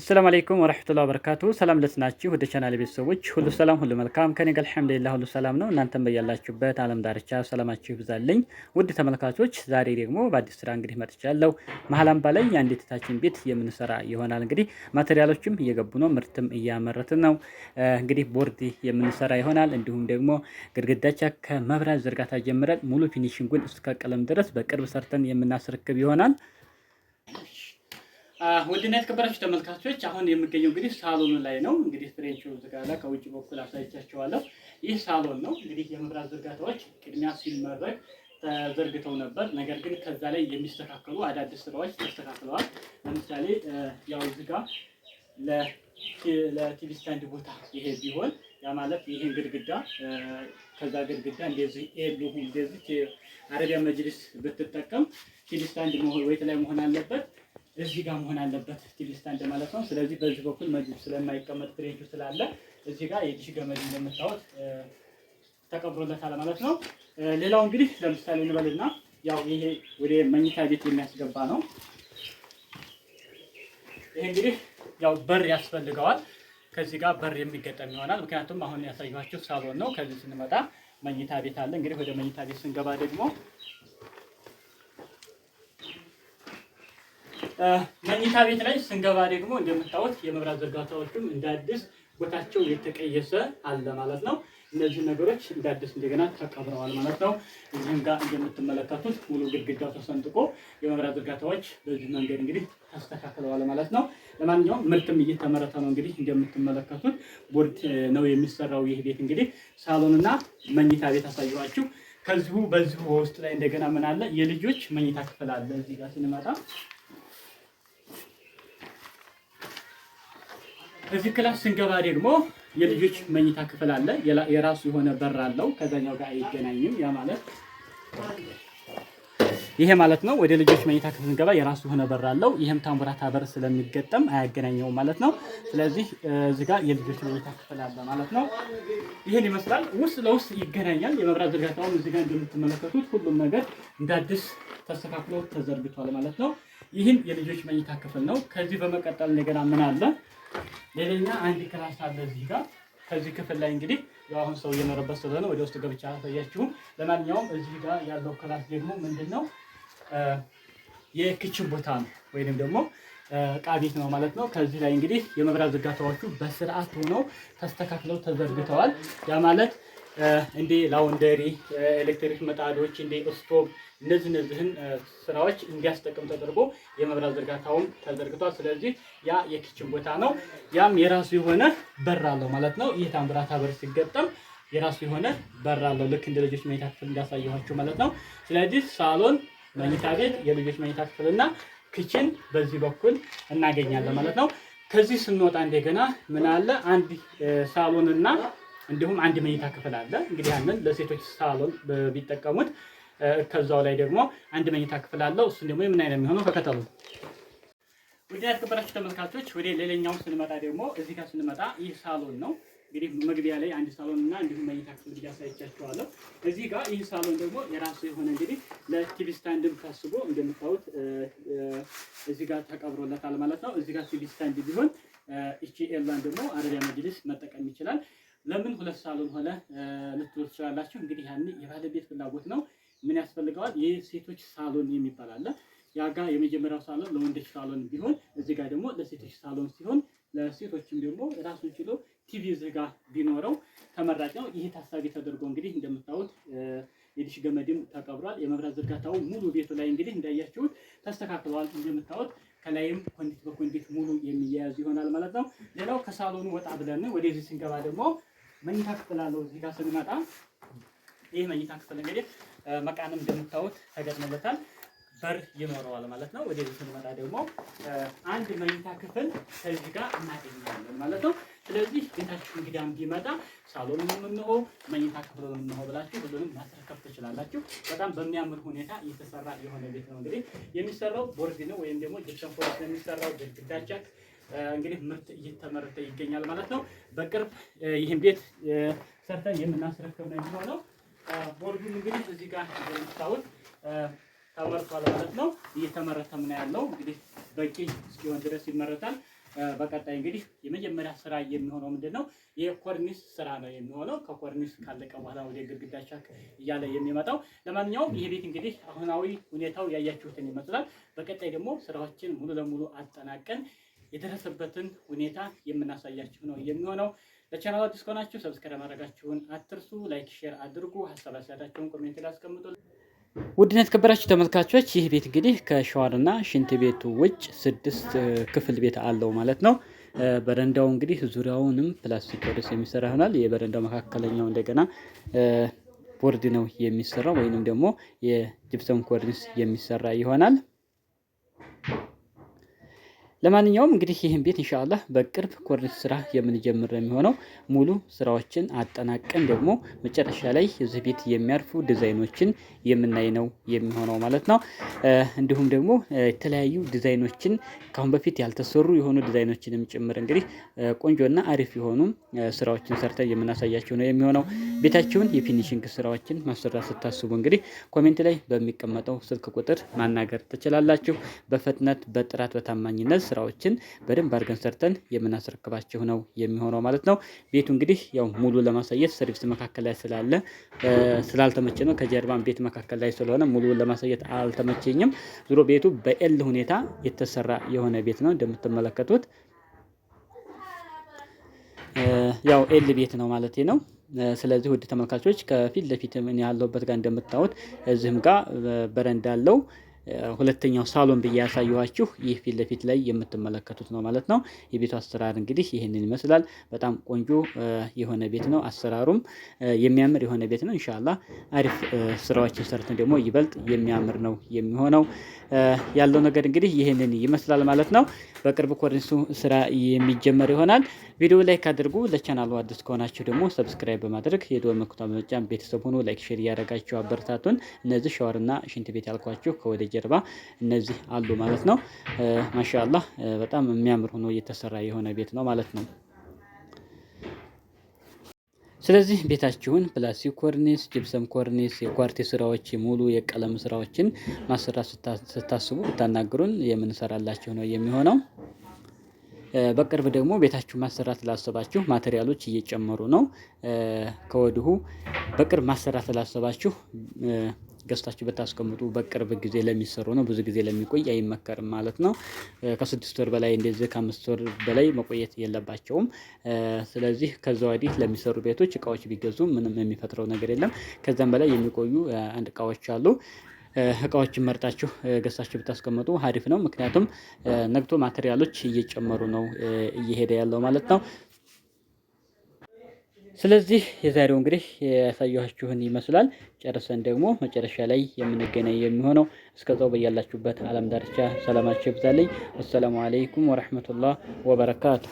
አሰላሙ አለይኩም ወራህመቱላሂ ወበረካቱ። ሰላም ለስናችሁ ወደ ቻናል ቤተሰቦች ሁሉ ሰላም ሁሉ መልካም ከኔ ጋር አልሐምዱሊላህ ሁሉ ሰላም ነው። እናንተም በያላችሁበት አለም ዳርቻ ሰላማችሁ ይብዛልኝ። ውድ ተመልካቾች ዛሬ ደግሞ በአዲስ ስራ እንግዲህ መጥቻለሁ። መሀል አምባ ላይ የአንዲት እህታችን ቤት የምንሰራ ይሆናል። እንግዲህ ማቴሪያሎችም እየገቡ ነው፣ ምርትም እያመረትን ነው። እንግዲህ ቦርድ የምንሰራ ይሆናል። እንዲሁም ደግሞ ግድግዳቻ ከመብራት ዝርጋታ ጀምረን ሙሉ ፊኒሽንጉን እስከ ቀለም ድረስ በቅርብ ሰርተን የምናስረክብ ይሆናል። ውድና የተከበራችሁ ተመልካቾች አሁን የምገኘው እንግዲህ ሳሎኑ ላይ ነው። እንግዲህ ፍሬንቹ ዝጋላ ከውጭ በኩል አሳይቻቸዋለሁ። ይህ ሳሎን ነው። እንግዲህ የመብራት ዝርጋታዎች ቅድሚያ ሲመረቅ ተዘርግተው ነበር። ነገር ግን ከዛ ላይ የሚስተካከሉ አዳዲስ ስራዎች ተስተካክለዋል። ለምሳሌ ያው ዝጋ ለቲቪ ስታንድ ቦታ ይሄ ቢሆን ያ ማለት ይህን ግድግዳ ከዛ ግድግዳ እንደዚህ እንደዚህ አረቢያ መጅልስ ብትጠቀም ቲቪ ስታንድ ወይ ላይ መሆን አለበት እዚህ ጋር መሆን አለበት ቲቪ ስታንድ ማለት ነው። ስለዚህ በዚህ በኩል መጅብ ስለማይቀመጥ ፍሬጁ ስላለ እዚህ ጋር የዲሽ ገመድ እንደምታወት ተቀብሮለታል ማለት ነው። ሌላው እንግዲህ ለምሳሌ እንበልና ያው ይሄ ወደ መኝታ ቤት የሚያስገባ ነው። ይሄ እንግዲህ ያው በር ያስፈልገዋል። ከዚህ ጋር በር የሚገጠም ይሆናል። ምክንያቱም አሁን ያሳየኋችሁ ሳሎን ነው። ከዚህ ስንመጣ መኝታ ቤት አለ። እንግዲህ ወደ መኝታ ቤት ስንገባ ደግሞ መኝታ ቤት ላይ ስንገባ ደግሞ እንደምታወት የመብራት ዝርጋታዎችም እንደ አዲስ ቦታቸው የተቀየሰ አለ ማለት ነው። እነዚህ ነገሮች እንደ አዲስ እንደገና ተቀብረዋል ማለት ነው። እዚህም ጋር እንደምትመለከቱት ሙሉ ግድግዳው ተሰንጥቆ የመብራት ዝርጋታዎች በዚህ መንገድ እንግዲህ ተስተካክለዋል ማለት ነው። ለማንኛውም ምርትም እየተመረተ ነው። እንግዲህ እንደምትመለከቱት ቦርድ ነው የሚሰራው ይህ ቤት እንግዲህ ሳሎንና መኝታ ቤት አሳየኋችሁ። ከዚሁ በዚሁ ውስጥ ላይ እንደገና ምን አለ የልጆች መኝታ ክፍል አለ እዚህ ጋር ስንመጣ እዚህ ክላስ ስንገባ ደግሞ የልጆች መኝታ ክፍል አለ። የራሱ የሆነ በር አለው። ከዛኛው ጋር አይገናኝም። ያ ማለት ይሄ ማለት ነው። ወደ ልጆች መኝታ ክፍል ስንገባ የራሱ የሆነ በር አለው። ይህም ታምቡራታ በር ስለሚገጠም አያገናኘውም ማለት ነው። ስለዚህ እዚህ ጋር የልጆች መኝታ ክፍል አለ ማለት ነው። ይህን ይመስላል። ውስጥ ለውስጥ ይገናኛል። የመብራት ዝርጋታውን እዚህ ጋር እንደምትመለከቱት ሁሉም ነገር እንደ አዲስ ተስተካክሎ ተዘርግቷል ማለት ነው። ይህን የልጆች መኝታ ክፍል ነው። ከዚህ በመቀጠል እንደገና ምን አለ? ሌላኛ አንድ ክላስ አለ እዚህ ጋር ከዚህ ክፍል ላይ እንግዲህ አሁን ሰው እየኖረበት ስለሆነ ወደ ውስጥ ገብቻ አሳያችሁም። ለማንኛውም እዚህ ጋር ያለው ክላስ ደግሞ ምንድን ነው የክችን ቦታ ነው ወይንም ደግሞ እቃ ቤት ነው ማለት ነው። ከዚህ ላይ እንግዲህ የመብራት ዝርጋታዎቹ በስርዓት ሆነው ተስተካክለው ተዘርግተዋል። ያ ማለት እንዴ ላውንደሪ፣ ኤሌክትሪክ ምጣዶች፣ እንዴ ስቶቭ እነዚህ እነዚህን ስራዎች እንዲያስጠቅም ተደርጎ የመብራት ዝርጋታውም ተዘርግቷል። ስለዚህ ያ የኪችን ቦታ ነው። ያም የራሱ የሆነ በር አለው ማለት ነው። ይህ ታምብራታ በር ሲገጠም የራሱ የሆነ በር አለው። ልክ እንደ ልጆች መኝታ ክፍል እንዳሳየኋቸው ማለት ነው። ስለዚህ ሳሎን፣ መኝታ ቤት፣ የልጆች መኝታ ክፍልና ክችን በዚህ በኩል እናገኛለን ማለት ነው። ከዚህ ስንወጣ እንደገና ምን አለ አንድ ሳሎንና እንዲሁም አንድ መኝታ ክፍል አለ። እንግዲህ ያንን ለሴቶች ሳሎን ቢጠቀሙት፣ ከዛው ላይ ደግሞ አንድ መኝታ ክፍል አለው። እሱን ደግሞ የምን አይነት የሚሆነው ተከተሉ። ወደ ያስከበራችሁ ተመልካቾች፣ ወደ ሌላኛው ስንመጣ ደግሞ እዚህ ጋር ስንመጣ ይህ ሳሎን ነው። እንግዲህ መግቢያ ላይ አንድ ሳሎን እና እንዲሁም መኝታ ክፍል እያሳይቻችኋለሁ። እዚህ ጋር ይህ ሳሎን ደግሞ የራሱ የሆነ እንግዲህ ለቲቪ ስታንድም ታስቦ እንደምታዩት እዚህ ጋር ተቀብሮለታል ማለት ነው። እዚህ ጋር ቲቪ ስታንድ ቢሆን እቺ ደግሞ አረቢያ መጅልስ መጠቀም ይችላል። ለምን ሁለት ሳሎን ሆነ ልትሉ ትችላላችሁ። እንግዲህ ያን የባለቤት ፍላጎት ነው። ምን ያስፈልገዋል? የሴቶች ሳሎን የሚባል አለ። ያ ጋ የመጀመሪያው ሳሎን ለወንዶች ሳሎን ቢሆን፣ እዚህ ጋር ደግሞ ለሴቶች ሳሎን ሲሆን ለሴቶችም ደግሞ ራሱን ችሎ ቲቪ እዚህ ጋር ቢኖረው ተመራጭ ነው። ይህ ታሳቢ ተደርጎ እንግዲህ እንደምታዩት የዲሽ ገመድም ተቀብሯል። የመብራት ዝርጋታው ሙሉ ቤቱ ላይ እንግዲህ እንዳያችሁት ተስተካክለዋል። እንደምታዩት ከላይም ኮንዲት በኮንዲት ሙሉ የሚያያዝ ይሆናል ማለት ነው። ሌላው ከሳሎኑ ወጣ ብለን ወደዚህ ስንገባ ደግሞ መኝታ ክፍል አለው። እዚህ ጋር ስንመጣ ይህ መኝታ ክፍል እንግዲህ መቃንም እንደምታዩት ተገጥሞለታል። በር ይኖረዋል ማለት ነው። ወደዚህ ስንመጣ ደግሞ አንድ መኝታ ክፍል ከዚህ ጋር እናገኛለን ማለት ነው። ስለዚህ ቤታችሁ እንግዳ እንዲመጣ ሳሎኑ እንሆ መኝታ ክፍሉ እንሆ ብላችሁ ሁሉንም ማስረከብ ትችላላችሁ። በጣም በሚያምር ሁኔታ እየተሰራ የሆነ ቤት ነው። እንግዲህ የሚሰራው ቦርድ ነው ወይም ደግሞ ጅብሰን ፎርስ ነው የሚሰራው ግድግዳ ቻክ እንግዲህ ምርት እየተመረተ ይገኛል ማለት ነው። በቅርብ ይህን ቤት ሰርተን የምናስረክብ ነው የሚሆነው። ቦርዱም እንግዲህ እዚህ ጋር እንደምታዩት ተመርቷል ማለት ነው። እየተመረተ ነው ያለው እንግዲህ በቂ እስኪሆን ድረስ ይመረታል። በቀጣይ እንግዲህ የመጀመሪያ ስራ የሚሆነው ምንድን ነው? የኮርኒስ ስራ ነው የሚሆነው። ከኮርኒስ ካለቀ በኋላ ወደ ግድግዳ ቻክ እያለ የሚመጣው። ለማንኛውም ይህ ቤት እንግዲህ አሁናዊ ሁኔታው ያያችሁትን ይመስላል። በቀጣይ ደግሞ ስራዎችን ሙሉ ለሙሉ አጠናቀን የደረሰበትን ሁኔታ የምናሳያችሁ ነው የሚሆነው። ለቻናሉ አዲስ ከሆናችሁ ሰብስክራይብ ማድረጋችሁን አትርሱ። ላይክ፣ ሼር አድርጉ። ሀሳብ አስተያየታችሁን ኮሜንት ላይ አስቀምጡ። ውድና ተመልካቾች ይህ ቤት እንግዲህ ከሸዋርና ሽንት ቤቱ ውጭ ስድስት ክፍል ቤት አለው ማለት ነው። በረንዳው እንግዲህ ዙሪያውንም ፕላስቲክ ወደስ የሚሰራ ይሆናል። የበረንዳው መካከለኛው እንደገና ቦርድ ነው የሚሰራው ወይንም ደግሞ የጅብሰም ኮርኒስ የሚሰራ ይሆናል። ለማንኛውም እንግዲህ ይህን ቤት እንሻላ በቅርብ ኮርኒስ ስራ የምንጀምር የሚሆነው ሙሉ ስራዎችን አጠናቀን ደግሞ መጨረሻ ላይ እዚህ ቤት የሚያርፉ ዲዛይኖችን የምናይ ነው የሚሆነው ማለት ነው። እንዲሁም ደግሞ የተለያዩ ዲዛይኖችን ካሁን በፊት ያልተሰሩ የሆኑ ዲዛይኖችንም ጭምር እንግዲህ ቆንጆና አሪፍ የሆኑ ስራዎችን ሰርተን የምናሳያቸው ነው የሚሆነው። ቤታችሁን የፊኒሽንግ ስራዎችን ማሰራት ስታስቡ እንግዲህ ኮሜንት ላይ በሚቀመጠው ስልክ ቁጥር ማናገር ትችላላችሁ። በፍጥነት በጥራት በታማኝነት ስራዎችን በደንብ አድርገን ሰርተን የምናስረክባችሁ ነው የሚሆነው ማለት ነው። ቤቱ እንግዲህ ያው ሙሉ ለማሳየት ሰርቪስ መካከል ላይ ስላለ ስላልተመቸ ነው። ከጀርባን ቤት መካከል ላይ ስለሆነ ሙሉ ለማሳየት አልተመቸኝም። ዙሮ ቤቱ በኤል ሁኔታ የተሰራ የሆነ ቤት ነው እንደምትመለከቱት ያው ኤል ቤት ነው ማለት ነው። ስለዚህ ውድ ተመልካቾች ከፊት ለፊት ያለሁበት ጋር እንደምታዩት እዚህም ጋር በረንዳ አለው። ሁለተኛው ሳሎን ብዬ ያሳየኋችሁ ይህ ፊት ለፊት ላይ የምትመለከቱት ነው ማለት ነው። የቤቱ አሰራር እንግዲህ ይህንን ይመስላል። በጣም ቆንጆ የሆነ ቤት ነው። አሰራሩም የሚያምር የሆነ ቤት ነው። እንሻላ አሪፍ ስራዎችን ሰርተን ደግሞ ይበልጥ የሚያምር ነው የሚሆነው። ያለው ነገር እንግዲህ ይህንን ይመስላል ማለት ነው። በቅርብ ኮርኒሱ ስራ የሚጀመር ይሆናል። ቪዲዮ ላይ ካደርጉ ለቻናሉ አዲስ ከሆናችሁ ደግሞ ሰብስክራይብ በማድረግ የዶር መክቷ መጫን ቤተሰብ ሆኖ ላይክ፣ ሼር እያደረጋችሁ አበረታቱን። እነዚህ ሻወርና ሽንት ቤት ያልኳችሁ ከወደ ከጀርባ እነዚህ አሉ ማለት ነው። ማሻላ በጣም የሚያምር ሆኖ እየተሰራ የሆነ ቤት ነው ማለት ነው። ስለዚህ ቤታችሁን ፕላስቲክ ኮርኒስ፣ ጅብሰም ኮርኒስ፣ የኳርቲ ስራዎች፣ ሙሉ የቀለም ስራዎችን ማሰራት ስታስቡ ብታናግሩን የምንሰራላችሁ ነው የሚሆነው። በቅርብ ደግሞ ቤታችሁ ማሰራት ላሰባችሁ ማቴሪያሎች እየጨመሩ ነው። ከወዲሁ በቅርብ ማሰራት ላሰባችሁ ገዝታችሁ ብታስቀምጡ በቅርብ ጊዜ ለሚሰሩ ነው፣ ብዙ ጊዜ ለሚቆይ አይመከርም ማለት ነው። ከስድስት ወር በላይ እንደዚህ ከአምስት ወር በላይ መቆየት የለባቸውም። ስለዚህ ከዛ ወዲህ ለሚሰሩ ቤቶች እቃዎች ቢገዙ ምንም የሚፈጥረው ነገር የለም። ከዛም በላይ የሚቆዩ አንድ እቃዎች አሉ። እቃዎችን መርጣችሁ ገዝታችሁ ብታስቀምጡ አሪፍ ነው። ምክንያቱም ነግቶ ማቴሪያሎች እየጨመሩ ነው እየሄደ ያለው ማለት ነው። ስለዚህ የዛሬው እንግዲህ ያሳየኋችሁን ይመስላል። ጨርሰን ደግሞ መጨረሻ ላይ የምንገናኝ የሚሆነው። እስከዛው በያላችሁበት ዓለም ዳርቻ ሰላማችሁ ይብዛልኝ። አሰላሙ አለይኩም ወረሕመቱላህ ወበረካቱ